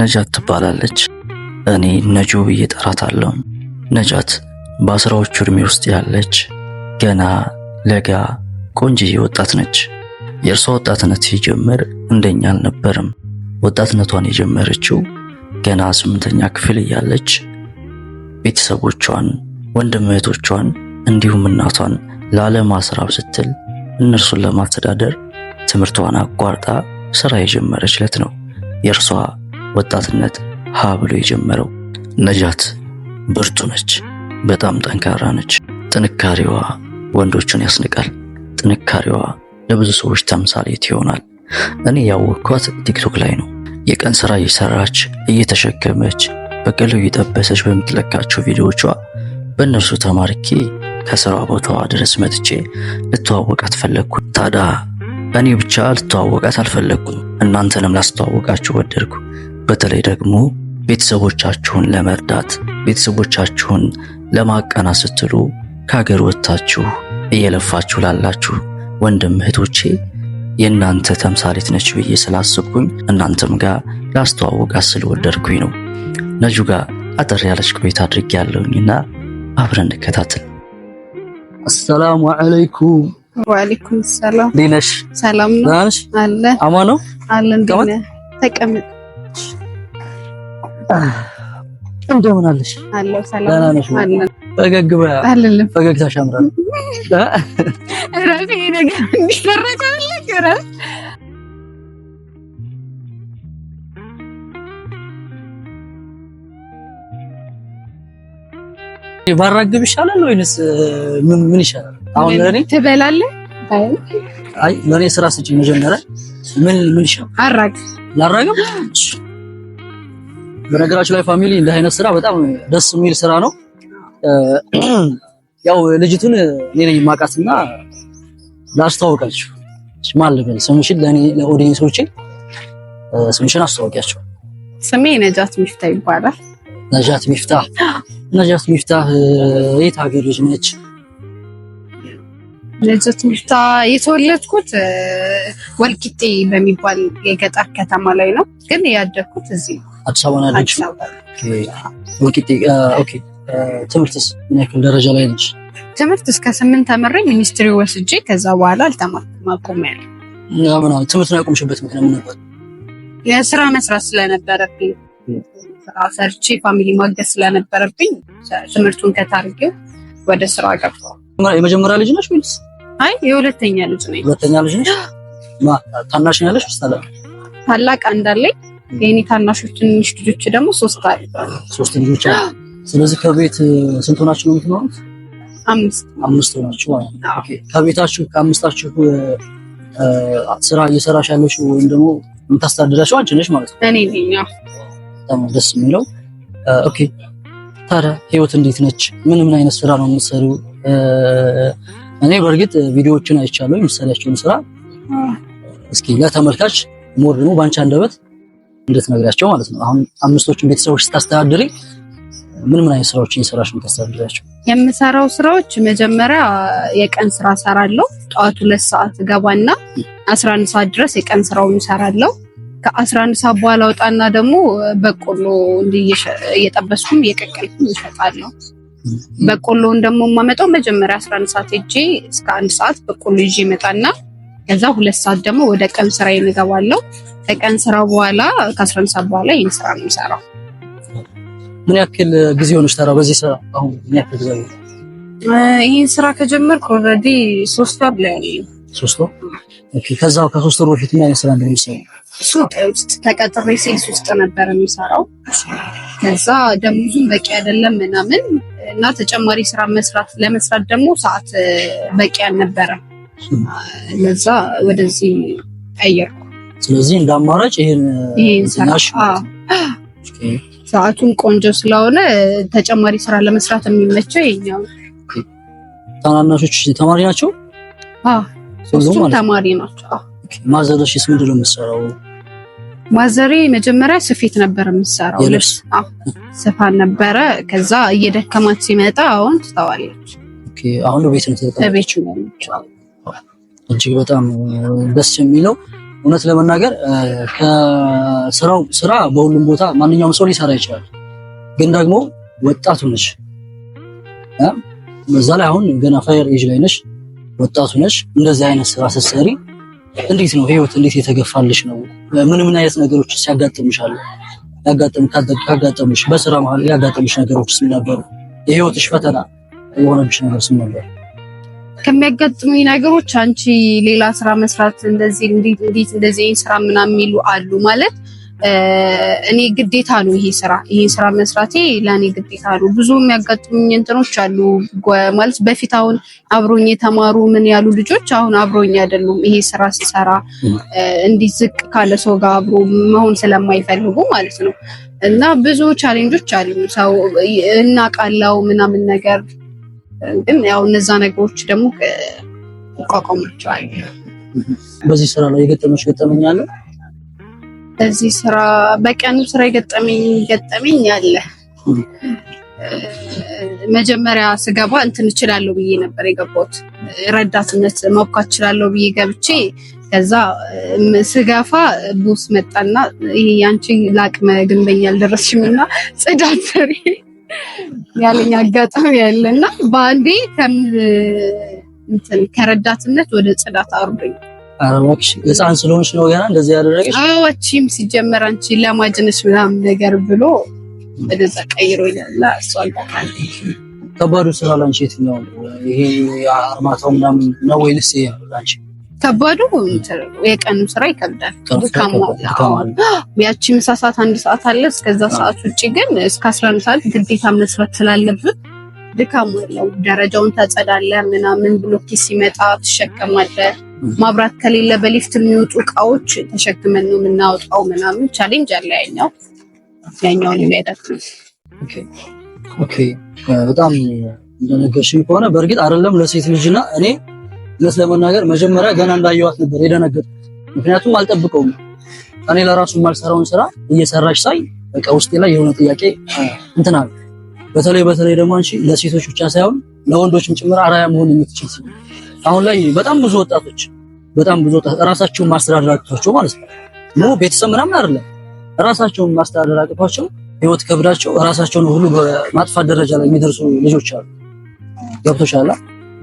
ነጃት ትባላለች። እኔ ነጆ ብዬ ጠራታለሁ። ነጃት በአስራዎቹ ዕድሜ ውስጥ ያለች ገና ለጋ ቆንጅዬ ወጣት ነች። የእርሷ ወጣትነት ሲጀምር እንደኛ አልነበርም። ወጣትነቷን የጀመረችው ገና ስምንተኛ ክፍል እያለች ቤተሰቦቿን፣ ወንድም እህቶቿን እንዲሁም እናቷን ላለማስራብ ስትል እነርሱን ለማስተዳደር ትምህርቷን አቋርጣ ስራ የጀመረችለት ነው የእርሷ ወጣትነት ሀ ብሎ የጀመረው። ነጃት ብርቱ ነች፣ በጣም ጠንካራ ነች። ጥንካሬዋ ወንዶቹን ያስንቃል። ጥንካሬዋ ለብዙ ሰዎች ተምሳሌት ይሆናል። እኔ ያወቅኳት ቲክቶክ ላይ ነው። የቀን ስራ እየሰራች እየተሸከመች በቀለው እየጠበሰች በምትለካቸው ቪዲዮዎቿ በእነርሱ ተማርኬ ከስራ ቦታዋ ድረስ መጥቼ ልተዋወቃት ፈለግኩ። ታዲያ እኔ ብቻ ልተዋወቃት አልፈለግኩም፣ እናንተንም ላስተዋወቃችሁ ወደድኩ። በተለይ ደግሞ ቤተሰቦቻችሁን ለመርዳት ቤተሰቦቻችሁን ለማቀናት ስትሉ ከሀገር ወጥታችሁ እየለፋችሁ ላላችሁ ወንድም እህቶቼ የእናንተ ተምሳሌት ነች ብዬ ስላስብኩኝ እናንተም ጋር ላስተዋውቃት ስለወደድኩኝ ነው። ነጁ ጋር አጠር ያለች ቆይታ አድርጌ ያለውኝና አብረን እንከታተል። አሰላሙ አለይኩም። ወአለይኩም ሰላም። ደህና ሰላም ነው። ነሽ? አለ አማ ነው አለ። እንዴት ተቀመጥ እንደምን አለሽ? ደህና ነሽ? ፈገግ በያ ባራግብ ይሻላል ወይንስ ምን ይሻላል? አሁን ለኔ ትበላለህ? አይ ለኔ ስራ ስጪኝ መጀመሪያ። ምን ምን ይሻላል? አራግ ላራግብ በነገራችሁ ላይ ፋሚሊ እንደ አይነት ስራ በጣም ደስ የሚል ስራ ነው። ያው ልጅቱን እኔ ነኝ የማውቃትና ላስተዋውቃችሁ ማልበል ስምሽን ለእኔ ለኦዲየንሶቼ ስምሽን አስተዋውቂያቸው። ስሜ ነጃት ሚፍታ ይባላል። ነጃት ሚፍታ ነጃት ሚፍታ የት ሀገር ልጅ ነች? ነጃት ሚፍታ የተወለድኩት ወልቂጤ በሚባል የገጠር ከተማ ላይ ነው፣ ግን ያደግኩት እዚህ ነው። አዲስ አበባ ያለች። ትምህርትስ ምን ያክል ደረጃ ላይ ነች? ትምህርት እስከ ስምንት ተምሬ ሚኒስትሪ ወስጄ ከዛ በኋላ አልተማርኩም አቁሜያለሁ። ትምህርትን ያቆምሽበት ምክንያት ምን ነበር? የስራ መስራት ስለነበረብኝ ስራ ሰርቼ ፋሚሊ ማገዝ ስለነበረብኝ ትምህርቱን ከታርጌው ወደ ስራ ገብቷል። የመጀመሪያ ልጅ ነሽ ወይስ? አይ የሁለተኛ ልጅ ነኝ። ሁለተኛ ልጅ ነሽ? ታናሽ ያለሽ ታላቅ አንዳለኝ የኔ ታናሾች ትንሽ ልጆች ደግሞ ሶስት አሉ። ሶስት ልጆች አሉ። ስለዚህ ከቤት ስንት ሆናችሁ ነው የምትኖሩት? አምስት አምስት ሆናችሁ ማለት ነው። ኦኬ ከቤታችሁ ከአምስታችሁ ስራ እየሰራሽ ያለሽ ወይም ደግሞ የምታስተዳድራቸው አንቺ ነሽ ማለት ነው? እኔ ነኝ። በጣም ደስ የሚለው ኦኬ። ታዲያ ህይወት እንዴት ነች? ምን ምን አይነት ስራ ነው የምትሰሪው? እኔ በእርግጥ ቪዲዮዎችን አይቻለሁ የምትሰሪያቸውን ስራ። እስኪ ለተመልካች ሞር ደግሞ በአንቺ አንደበት እንድትነግሪያቸው ማለት ነው። አሁን አምስቶቹን ቤተሰቦች ስታስተዳድሪ ምን ምን አይነት ስራዎች እየሰራሽ ነው የምታስተዳድሪያቸው? የምሰራው ስራዎች መጀመሪያ የቀን ስራ ሰራለሁ። ጠዋት ሁለት ሰዓት ገባና 11 ሰዓት ድረስ የቀን ስራውን እሰራለሁ። ከ11 ሰዓት በኋላ ወጣና ደግሞ በቆሎ እየጠበስኩም እየቀቀልኩም እሸጣለሁ። በቆሎውን ደግሞ የማመጣው መጀመሪያ 11 ሰዓት ሄጄ እስከ አንድ ሰዓት በቆሎ ይዤ እመጣና ከዛ ሁለት ሰዓት ደግሞ ወደ ቀን ስራ እንገባለሁ። ከቀን ስራ በኋላ ከአስራአንድ ሰዓት በኋላ ይህን ስራ ነው የምሰራው። ምን ያክል ጊዜ ሆነች ተራ በዚህ ስራ አሁን ምን ያክል ጊዜ ሆነች? ይህን ስራ ከጀመርክ ኦልሬዲ ሶስት ወር ላይ ያለ ሶስት ወር ከዛ ከሶስት ወር በፊት ምን አይነት ስራ እንደሚሰራ ሱቅ ውስጥ ተቀጥሬ ሴልስ ውስጥ ነበር የሚሰራው። ከዛ ደሞዙም በቂ አይደለም ምናምን እና ተጨማሪ ስራ መስራት ለመስራት ደግሞ ሰዓት በቂ አልነበረም። ለዛ ወደዚህ ቀየርኩ። ስለዚህ እንደ አማራጭ ይሄን ሰዓቱን ቆንጆ ስለሆነ ተጨማሪ ስራ ለመስራት የሚመቸው ይኛው። ታናናሾች ተማሪ ናቸው፣ ሶስቱም ተማሪ ናቸው። ማዘርሽ ምንድን ነው የምትሰራው? ማዘሬ መጀመሪያ ስፌት ነበር የምትሰራው፣ ልብስ ስፋ ነበረ። ከዛ እየደከማት ሲመጣ አሁን ትተዋለች። አሁን ቤት ነው ቤት ነው እጅግ በጣም ደስ የሚለው እውነት ለመናገር ከስራው ስራ በሁሉም ቦታ ማንኛውም ሰው ሊሰራ ይችላል። ግን ደግሞ ወጣቱ ነሽ፣ እዛ ላይ አሁን ገና ፋየር ኤጅ ላይ ነሽ፣ ወጣቱ ነሽ። እንደዚህ አይነት ስራ ስትሰሪ እንዴት ነው ህይወት እንዴት የተገፋልሽ ነው? ምን ምን አይነት ነገሮች ሲያጋጥምሻል? ያጋጥም ካጋጥምሽ በስራ መሀል ያጋጥምሽ ነገሮች ምን ነበሩ? የህይወትሽ ፈተና የሆነብሽ ነገር ምን ነበር? ከሚያጋጥሙኝ ነገሮች አንቺ ሌላ ስራ መስራት እንደዚህ እንዴት እንደዚህ ስራ ምናምን የሚሉ አሉ። ማለት እኔ ግዴታ ነው ይሄ ስራ ይሄ ስራ መስራቴ ለእኔ ግዴታ ነው። ብዙ የሚያጋጥሙኝ እንትኖች አሉ። ማለት በፊት አሁን አብሮኝ የተማሩ ምን ያሉ ልጆች አሁን አብሮኝ አይደሉም። ይሄ ስራ ሲሰራ እንዲህ ዝቅ ካለ ሰው ጋር አብሮ መሆን ስለማይፈልጉ ማለት ነው። እና ብዙ ቻሌንጆች አሉ። ሰው እናቃላው ምናምን ነገር ግን ያው እነዛ ነገሮች ደግሞ ይቋቋማቸዋል። በዚህ ስራ ላይ የገጠመሽ ገጠመኝ አለ? በዚህ ስራ በቀኑ ስራ የገጠመኝ ገጠመኝ አለ። መጀመሪያ ስገባ እንትን እችላለሁ ብዬ ነበር የገባሁት። ረዳትነት መውካት እችላለሁ ብዬ ገብቼ ከዛ ስገፋ ቦስ መጣና ይሄ ያንቺ ለአቅመ ግንበኛ አልደረስሽም እና ጽዳት ስሪ ያለኝ አጋጣሚ ያለና በአንዴ ከረዳትነት ወደ ጽዳት አውርዶኝ አረሞች ህፃን ስለሆንሽ ነው ገና እንደዚህ ያደረገሽ? አዎችም ሲጀመር አንቺ ለማጅነሽ ምናምን ነገር ብሎ ወደዛ ቀይሮ ይላል። እሱ አጋጣሚ ከባዱ ስራ ላንቺ የትኛው ይሄ አርማታው ምናምን ነው ወይንስ ይሄ ላንቺ ከባዱ የቀኑ ስራ ይከብዳል። ያቺ ምሳ ሰዓት አንድ ሰዓት አለ። እስከዛ ሰዓት ውጭ ግን እስከ አስራ አንድ ሰዓት ግዴታ መስራት ስላለብን ድካሙ ያለው ደረጃውን ታጸዳለህ ምናምን ብሎ ሲመጣ ትሸከማለህ። ማብራት ከሌለ በሊፍት የሚወጡ እቃዎች ተሸክመን ነው የምናወጣው ምናምን ቻሌንጅ አለ። ያኛው ያኛውን የሚያደርግ በጣም እንደነገርሽኝ ከሆነ በእርግጥ አይደለም ለሴት ልጅና እኔ እውነት ለመናገር መጀመሪያ ገና እንዳየዋት ነበር የደነገጥኩት። ምክንያቱም አልጠብቀውም። እኔ ለራሱ የማልሰራውን ስራ እየሰራች ሳይ በቃ ውስጤ ላይ የሆነ ጥያቄ እንትን አለ። በተለይ በተለይ ደግሞ አንቺ ለሴቶች ብቻ ሳይሆን ለወንዶችም ጭምር አራያ መሆን የምትችል አሁን ላይ በጣም ብዙ ወጣቶች በጣም ብዙ ወጣቶች ራሳቸውን ማስተዳደር አቅቷቸው ማለት ነው ሙ ቤተሰብ ምናምን አይደለም ራሳቸውን ማስተዳደር አቅቷቸው ህይወት ከብዳቸው ራሳቸውን ሁሉ በማጥፋት ደረጃ ላይ የሚደርሱ ልጆች አሉ። ገብቶሻል?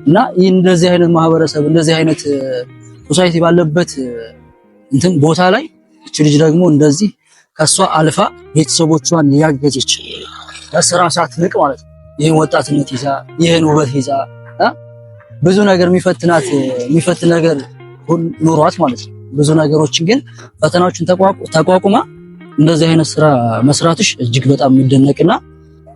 እና ይህ እንደዚህ አይነት ማህበረሰብ እንደዚህ አይነት ሶሳይቲ ባለበት እንትን ቦታ ላይ እች ልጅ ደግሞ እንደዚህ ከሷ አልፋ ቤተሰቦቿን ያገዘች ከስራ ሳትንቅ ማለት ነው። ይህን ወጣትነት ይዛ ይህን ውበት ይዛ ብዙ ነገር የሚፈትናት የሚፈት ነገር ኑሯት ማለት ነው። ብዙ ነገሮችን ግን ፈተናዎችን ተቋቁማ እንደዚህ አይነት ስራ መስራትሽ እጅግ በጣም የሚደነቅና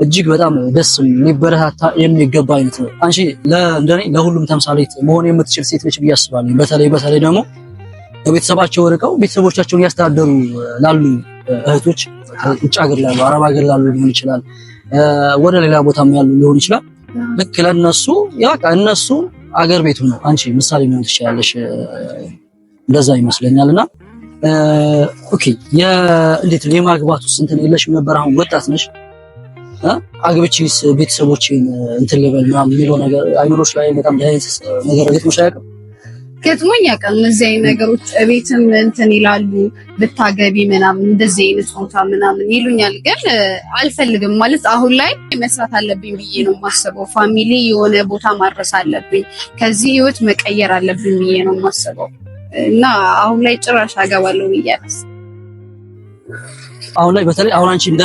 እጅግ በጣም ደስ ሊበረታታ የሚገባ አይነት ነው። አንቺ ለእንደኔ ለሁሉም ተምሳሌት መሆን የምትችል ሴት ነች ብዬ አስባለሁ። በተለይ በተለይ ደግሞ ከቤተሰባቸው ርቀው ቤተሰቦቻቸውን ያስተዳደሩ ላሉ እህቶች ውጭ ሀገር ላሉ፣ አረብ ሀገር ላሉ ሊሆን ይችላል፣ ወደ ሌላ ቦታም ያሉ ሊሆን ይችላል። ልክ ለእነሱ ያቃ እነሱ አገር ቤቱ ነው። አንቺ ምሳሌ መሆን ትችላለሽ። እንደዛ ይመስለኛል እና ኦኬ፣ እንዴት ነው የማግባቱ ስንትን የለሽም ነበር? አሁን ወጣት ነሽ አግብቼስ ቤተሰቦቼን እንትን ልበል ምናምን የሚለው ነገር አይምሮች ላይ በጣም ዳይስ ነገር ገጥሞሽ አያውቅም? ገጥሞኝ ያውቃል። እነዚህ አይነት ነገሮች ቤትም እንትን ይላሉ፣ ብታገቢ ምናምን እንደዚህ አይነት ጾታ ምናምን ይሉኛል። ግን አልፈልግም ማለት አሁን ላይ መስራት አለብኝ ብዬ ነው የማስበው። ፋሚሊ የሆነ ቦታ ማድረስ አለብኝ፣ ከዚህ ህይወት መቀየር አለብኝ ብዬ ነው የማስበው እና አሁን ላይ ጭራሽ አገባለሁ ብዬ አሁን ላይ በተለይ አሁን አንቺ እንደ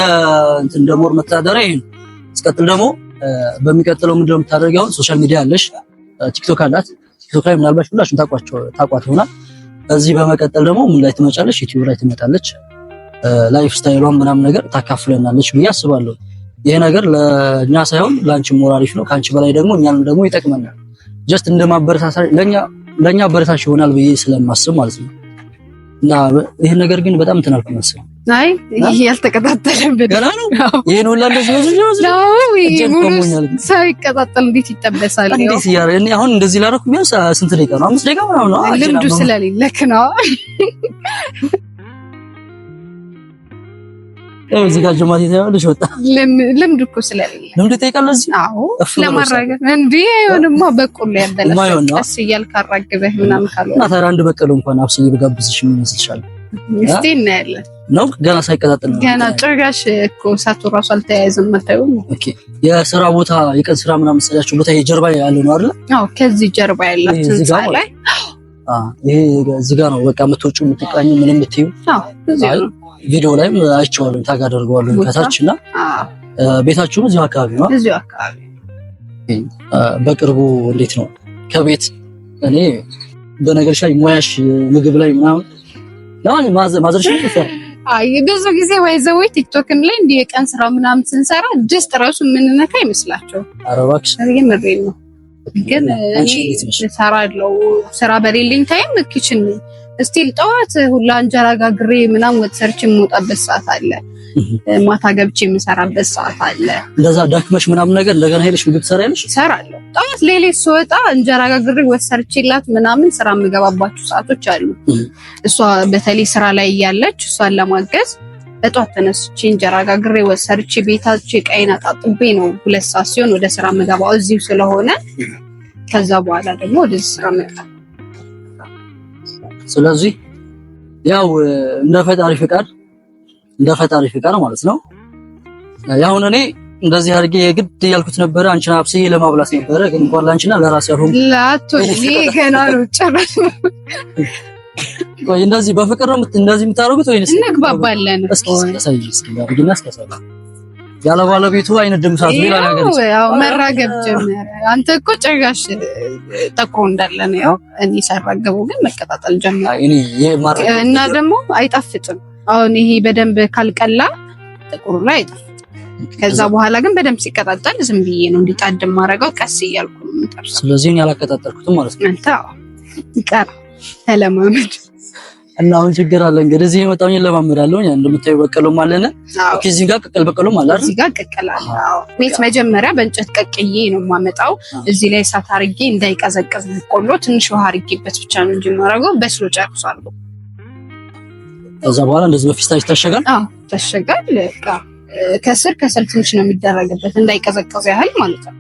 እንትን እንደ ሞር መተዳደሪያ ይሄ ነው። ስቀጥል ደግሞ በሚቀጥለው ምንድን የምታደርጊው? አሁን ሶሻል ሚዲያ አለሽ፣ ቲክቶክ አላት። ቲክቶክ ላይ ምናልባት ሁላችሁም ታቋቸው ታቋት ይሆናል። እዚህ በመቀጠል ደግሞ ምን ላይ ትመጫለሽ? ዩቲዩብ ላይ ትመጣለች። ላይፍ ስታይሏን ምናምን ነገር ታካፍለናለች ብዬ አስባለሁ። ይሄ ነገር ለእኛ ሳይሆን ለአንቺ ሞር ነው። ከአንቺ በላይ ደግሞ እኛንም ደግሞ ይጠቅመናል። ጀስት እንደ ለኛ ለኛ አበረታች ይሆናል ብዬ ስለማስብ ማለት ነው እና ይህን ነገር ግን በጣም እንትን አልኩ መሰለኝ አይ ይሄ ገና ነው። ይሄን ሁላ ሰው ይቀጣጠል፣ እንዴት ይጠበሳል? እንዴት ያረ አሁን እንደዚህ ላደረኩ ቢያንስ ስንት ደቂቃ ነው? አምስት ደቂቃ ነው። ልምዱ ስለሌለክ ነው። እዚህ ጋር ጀማት የተባለሽ ወጣ ልምድ እኮ ስለሌለ ልምድ ይጠይቃል። እዚህ አዎ፣ ለማራገፍ እንዴ አይሆንማ። በቆሎ ያበላሽ ቀስ እያልክ አራግበህ ምናምን ካልሆነ እና ታዲያ አንድ በቀሎ እንኳን አብስዬ ብጋብዝሽ ምን ይመስልሻል? እስቲ እናያለን። ነው ገና ሳይቀጣጠል ነው ገና ጭራሽ እኮ እሳቱ ራሱ አልተያያዘም። አታዩም? ኦኬ የስራ ቦታ የቀን ስራ ምናምን መሰላችሁ ቦታ የጀርባ ያለው ነው አይደል? አዎ ከዚህ ጀርባ ያላት ህንጻ ላይ ይሄ እዚህ ጋር ነው በቃ የምትወጪው የምትቃኙ ምን የምትዩ ቪዲዮ ላይም አይቼዋለሁ ታግ አደርገዋለሁ ከታች እና ቤታችሁም እዚሁ አካባቢ ነው እዚሁ አካባቢ በቅርቡ እንዴት ነው ከቤት እኔ በነገርሽ ላይ ሙያሽ ምግብ ላይ ምናምን ለማንኛውም ማዘርሽ አይ ብዙ ጊዜ ወይ ወይዘቦች ቲክቶክን ላይ እንዲህ የቀን ስራ ምናምን ስንሰራ ድስት ራሱ የምንነካ ይመስላቸው። ኧረ እባክሽ ምሬን ነው። ግን እኔ እሰራለሁ ስራ በሌለኝ ታይም ኪችን እስቲል ጠዋት ሁላ እንጀራ ጋግሬ ምናምን ወጥ ሰርች የምወጣበት ሰዓት አለ። ማታ ገብቼ የምሰራበት ሰዓት አለ። እንደዛ ዳክመሽ ምናምን ነገር ለገና ሄደሽ ምግብ ትሰሪያለሽ? እሰራለሁ። ጠዋት ሌሊት ስወጣ እንጀራ ጋግሬ ወጥ ሰርቼላት ምናምን ስራ የምገባባቸው ሰዓቶች አሉ። እሷ በተለይ ስራ ላይ እያለች እሷን ለማገዝ በጧት ተነስቼ እንጀራ ጋግሬ ወጥ ሰርቼ ቤታቼ ቀይና ጣጥቤ ነው ሁለት ሰዓት ሲሆን ወደ ስራ የምገባው እዚሁ ስለሆነ ከዛ በኋላ ደግሞ ወደዚህ ስራ መጣ ስለዚህ ያው እንደ ፈጣሪ ፍቃድ እንደ ፈጣሪ ፍቃድ ማለት ነው። ያሁን እኔ እንደዚህ አድርጌ የግድ ያልኩት ነበረ አንቺን አብስዬ ለማብላት ነበረ፣ ግን እንኳን ለአንቺና ለራስ ወይ እንደዚህ በፍቅር ነው እንደዚህ የምታደርጉት ወይስ እንግባባለን? እስኪ እስኪ ያለ ባለቤቱ አይነ ድምሳት ሌላ ነገር ያው መራገብ ጀመረ። አንተ እኮ ጭራሽ ጠቁሮ እንዳለ ነው። እኔ ሳራገቡ ግን መቀጣጠል ጀመረ። እና ደግሞ አይጣፍጥም። አሁን ይሄ በደንብ ካልቀላ ጥቁሩ ላይ አይጣፍጥም። ከዛ በኋላ ግን በደንብ ሲቀጣጠል ዝም ብዬ ነው እንዲጣድ ማረገው። ቀስ እያልኩ ነው የምጠብሰው። ስለዚህ ያላቀጣጠልኩትም ማለት ነው። አንተ ይቀራ ተለማመድ እና አሁን ችግር አለ እንግዲህ እዚህ የመጣው ለማምራለሁ ያን እንደምታዩ በቀሎም አለና ኦኬ፣ እዚህ ጋር ቅቅል በቀሎም አለ አይደል? እዚህ ጋር ቅቅል አለ። አዎ፣ ቤት መጀመሪያ በእንጨት ቀቅዬ ነው የማመጣው። እዚህ ላይ እሳት አርጌ እንዳይቀዘቀዝ ቆሎ ትንሽ ውሃ አርጌበት ብቻ ነው እንጂ የማደርገው በስሎ ጨርሳለሁ። ከዛ በኋላ እንደዚህ በፊስታጅ ታሸጋል። አዎ፣ ታሸጋል። በቃ ከስር ከስር ትንሽ ነው የሚደረግበት እንዳይቀዘቀዝ ያህል ማለት ነው።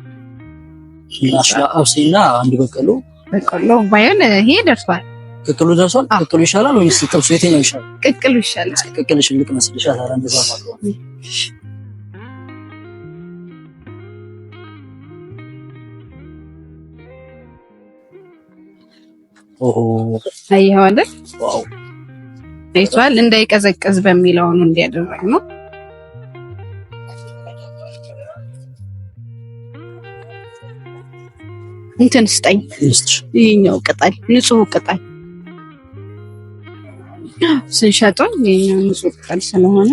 አብሴና አንድ በቀሎ በቀሎ ባይሆን ይሄ ደርሷል። ቅቅሉ ደርሷል። ቅቅሉ ይሻላል ወይስ ጥብሱ? የትኛው ይሻላል? ቅቅሉ ይሻላል። ቅቅል ሽልቅ መስልሻል። ኦሆ አየኸው አይደል? ዋው አይቷል። እንዳይቀዘቀዝ በሚለው ነው እንዲያደርግ ነው። እንትን ስጠኝ፣ ይሄኛው ቅጠል፣ ንጹህ ቅጠል ስንሸጡን ይህኛው ንጹህ ቅጠል ስለሆነ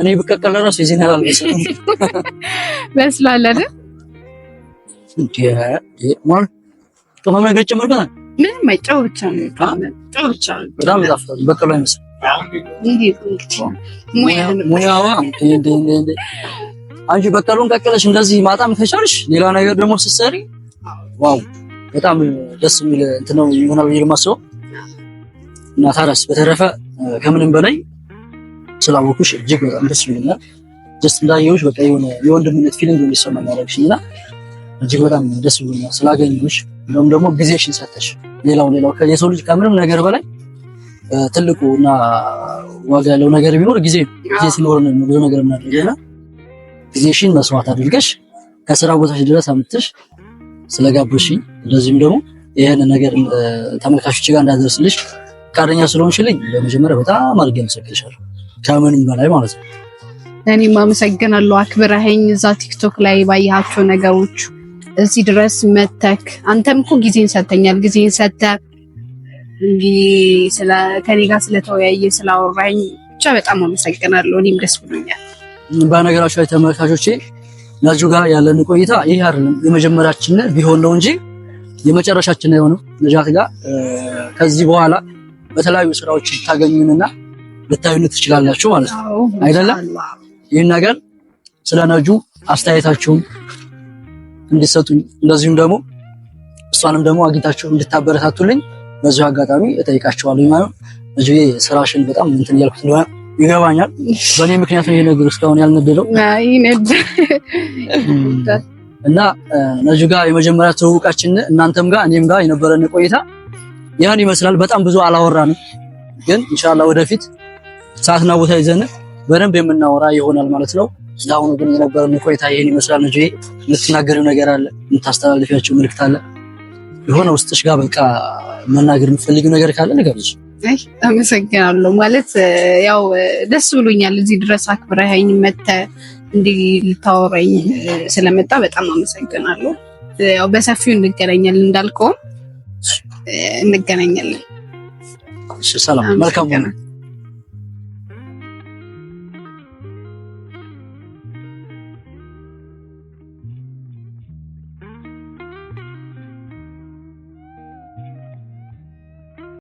እኔ ብቀቀል እራሱ የዜና ላልሰ በስላለን ቅመም ነገር ጨምርበታል። ምንም ጨው ብቻ ነው። ጨው ብቻ በጣም ዛፍ በቀሎ አይመስልም ሙያዋ አንቺ በቀሎን ቀቅለሽ እንደዚህ ማጣም ከቻልሽ ሌላ ነገር ደግሞ ስትሰሪ ዋው በጣም ደስ የሚል እንትን ነው ይሆናል ብዬ የማስበው እና ታዲያስ በተረፈ ከምንም በላይ ስላወኩሽ እጅግ በጣም ደስ ይለኛል። ደስ እንዳየሁሽ በቃ የሆነ የወንድምነት ፊሊንግ የሚሰማ ያደረግሽኝ እና እጅግ በጣም ደስ ብሎኛል ስላገኘሁሽ። እንደውም ደግሞ ጊዜሽን ሰተሽ ሌላው ሌላው የሰው ልጅ ከምንም ነገር በላይ ትልቁ እና ዋጋ ያለው ነገር ቢኖር ጊዜ ጊዜ ሲኖር ነው ብዙ ነገር የምናደርገውና ጊዜሽን መስዋዕት አድርገሽ ከስራ ቦታሽ ድረስ አምጥተሽ ስለጋብሽ እንደዚህም ደግሞ ይህን ነገር ተመልካቾች ጋር እንዳደርስልሽ ፈቃደኛ ስለሆንሽልኝ በመጀመሪያ በጣም አድርጌ አመሰግንሻለሁ። ከምንም በላይ ማለት ነው። እኔም አመሰግናለሁ። አክብረኸኝ እዛ ቲክቶክ ላይ ባያቸው ነገሮች እዚህ ድረስ መተክ አንተም እኮ ጊዜን ሰተኛል። ጊዜን ሰተህ እንዲ ከኔ ጋር ስለተወያየ ስላወራኝ ብቻ በጣም አመሰግናለሁ። እኔም ደስ ብሎኛል። በነገራችሁ ላይ ተመልካቾቼ ናጁ ጋር ያለን ቆይታ ይህ አይደለም የመጀመሪያችን ቢሆን ነው እንጂ የመጨረሻችን አይሆንም። ነጃት ጋር ከዚህ በኋላ በተለያዩ ስራዎች ልታገኙንና ልታዩን ትችላላችሁ ማለት ነው አይደለም? ይህን ነገር ስለ ነጁ አስተያየታችሁን እንዲሰጡኝ እንደዚሁም ደግሞ እሷንም ደግሞ አግኝታችሁ እንድታበረታቱልኝ በዚሁ አጋጣሚ እጠይቃቸዋለሁ ማለት ነው። ስራሽን በጣም እንትን እያልኩት እንደሆነ ይገባኛል። በእኔ ምክንያት ነው ይሄ ነገር እስካሁን ያልነደደው እና ነጁ ጋር የመጀመሪያ ትውውቃችን እናንተም ጋር እኔም ጋር የነበረን ቆይታ ይህን ይመስላል። በጣም ብዙ አላወራንም፣ ግን ኢንሻአላህ ወደፊት ሰዓትና ቦታ ይዘን በደንብ የምናወራ ይሆናል ማለት ነው። ለአሁኑ ግን የነበረን ቆይታ ይህን ይመስላል። ነጁ የምትናገሪው ነገር አለ? የምታስተላልፊያቸው ምልክት አለ? የሆነ ውስጥሽ ጋር በቃ መናገር የምትፈልጊው ነገር ካለ ንገሪኝ። አመሰግናለሁ። ማለት ያው ደስ ብሎኛል እዚህ ድረስ አክብረኸኝ መተ እንዲህ ልታወራኝ ስለመጣ በጣም አመሰግናለሁ። ያው በሰፊው እንገናኛለን፣ እንዳልከውም እንገናኛለን። ሰላም፣ መልካም